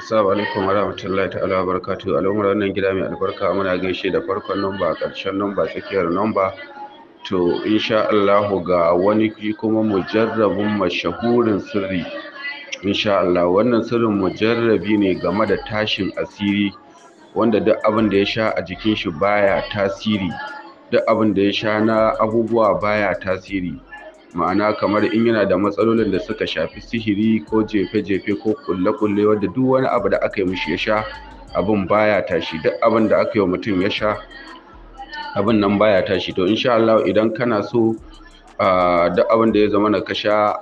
Assalamu alaikum wa rahmatullahi ta'ala wa barakatuhu al'ummar wannan gida mai albarka muna gaishe da farkon nomba ƙarshen namba tsakiyar namba to insha ga wani kuma mujarrabin mashahurin sirri insha Allah wannan sirrin mujarrabi ne game da tashin asiri wanda duk abin da ya sha a jikin shi baya tasiri duk abin da ya sha na abubuwa baya tasiri ma'ana kamar in yana da matsalolin da suka shafi sihiri ko jefe-jefe ko kulle-kulle wanda duk wani abu da aka yi mishi ya sha abin baya tashi duk abin da aka yi wa mutum ya sha abin nan baya tashi to insha Allah idan kana so duk abin da ya zama na ka sha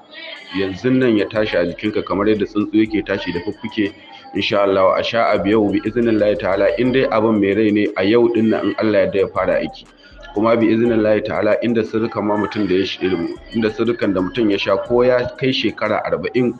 yanzu nan ya tashi a jikinka kamar yadda tsuntsu yake tashi da fuffuke insha Allah a sha abu yau bi Allah ta'ala in dai abin mai rai ne a yau din in Allah ya da ya fara aiki kuma bi izinin layi ta'ala inda sirrukan ma mutum da ya inda sirrukan da mutum ya sha ko ya kai shekara arba'in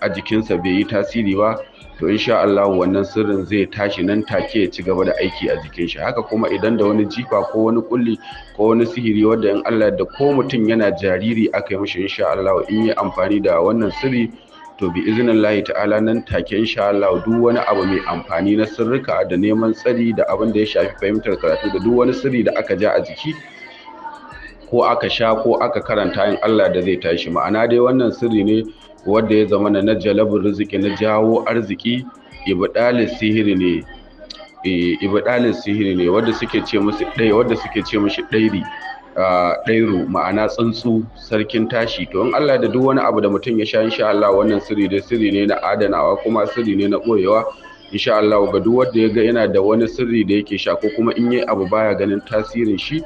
a jikinsa bai yi tasiri ba to insha Allah wannan sirrin zai tashi nan take ya ci gaba da aiki a jikin shi haka kuma idan da wani jifa ko wani kulli ko wani sihiri wanda in Allah da ko mutum yana jariri aka yi mishi insha Allah in yi amfani da wannan sirri to bi izinin layi, ta'ala nan take insha Allah duk wani abu mai amfani na sirrika da neman tsari da abin da ya shafi fahimtar karatu da duk wani sirri da aka ja a jiki ko aka sha ko aka karanta in Allah da zai tashi ma'ana dai wannan sirri ne wanda ya zama na jalabun riziki na jawo arziki ibdalin sihiri ne eh, ibdalin sihiri ne wanda suke ce musu dai wanda suke ce mishi dairi Ɗairu ma'ana tsuntsu sarkin tashi to in Allah da duk wani abu da mutum ya sha insha Allah wannan sirri dai sirri ne na adanawa kuma sirri ne na ɓoyewa insha Allah ga duk wanda ya ga yana da wani sirri da yake sha ko kuma in yi abu baya ganin tasirin shi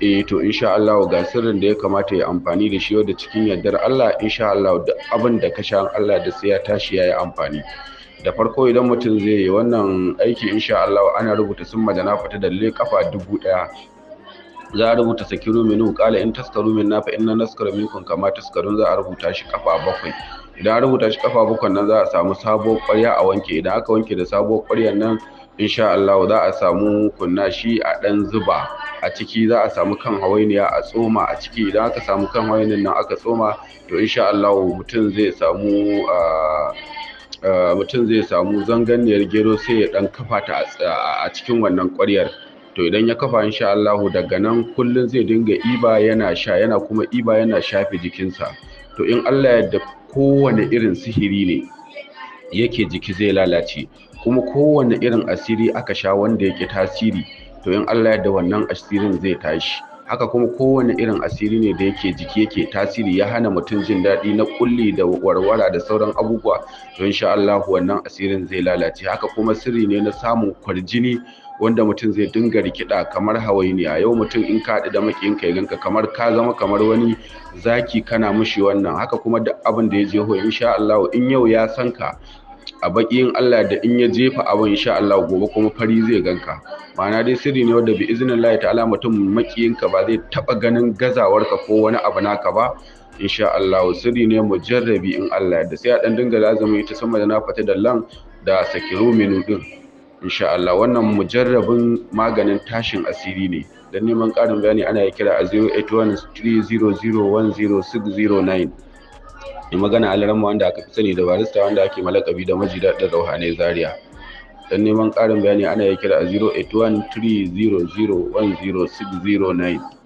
eh to insha Allah ga sirrin da ya kamata ya amfani da shi wanda cikin yardar Allah insha Allah da abin da ka sha Allah da sai ya tashi ya yi amfani da farko idan mutum zai yi wannan aiki insha Allah ana rubuta sun majana na fita da le kafa dubu ɗaya za a rubuta sakiru minu kala in taskaru min na fa inna naskaru minkum kama taskarun za a rubuta shi kafa bakwai idan a rubuta shi kafa bakwai nan za a samu sabuwar ƙwarya a wanke idan aka wanke da sabuwar kwaryar nan insha Allah za a samu kunna shi a dan zuba a ciki za a samu kan hawainiya a tsoma a ciki idan aka samu kan hawainin nan aka tsoma to insha Allah mutum zai samu ah, ah, mutum zai samu zanganiyar gero sai ya dan kafa ta a cikin wannan kwaryar. to idan ya kafa insha Allahu daga nan kullun zai dinga iba yana sha yana kuma iba yana shafe jikinsa to in Allah yadda kowane irin sihiri ne yake jiki zai lalace kuma kowane irin asiri aka sha wanda yake tasiri to in Allah yadda wannan asirin zai tashi haka kuma kowane irin asiri ne da yake jiki yake tasiri ya hana mutum jin daɗi na kulli da warwara da sauran abubuwa to insha Allah wannan asirin zai lalace haka kuma sirri ne na samun kwarjini wanda mutum zai dinga rikida kamar hawainiya yau mutum in ka haɗu da makiyin ka ganka kamar ka zama kamar wani zaki kana mushi wannan haka kuma duk abin da ya je ho insha Allah in yau ya san ka a bakin Allah da in ya jefa abin insha Allah gobe kuma fari zai ganka ma'ana dai sirri ne wanda bi iznin Allah ta'ala mutum makiyinka ba zai taba ganin gazawarka ko wani abu naka ba insha Allah sirri ne mujarrabi in Allah da sai a dan dinga lazumi ita sama da na fata da lan da sakiru minu din insha Allah wannan mujarrabin maganin tashin asiri ne dan neman ƙarin bayani ana kira a 081 300 10609 mai magana alaramma wanda aka fi sani da barista wanda ake malakabi da maji daɗin rauhane zaria don neman ƙarin bayani ana yi kira a 081 300 10609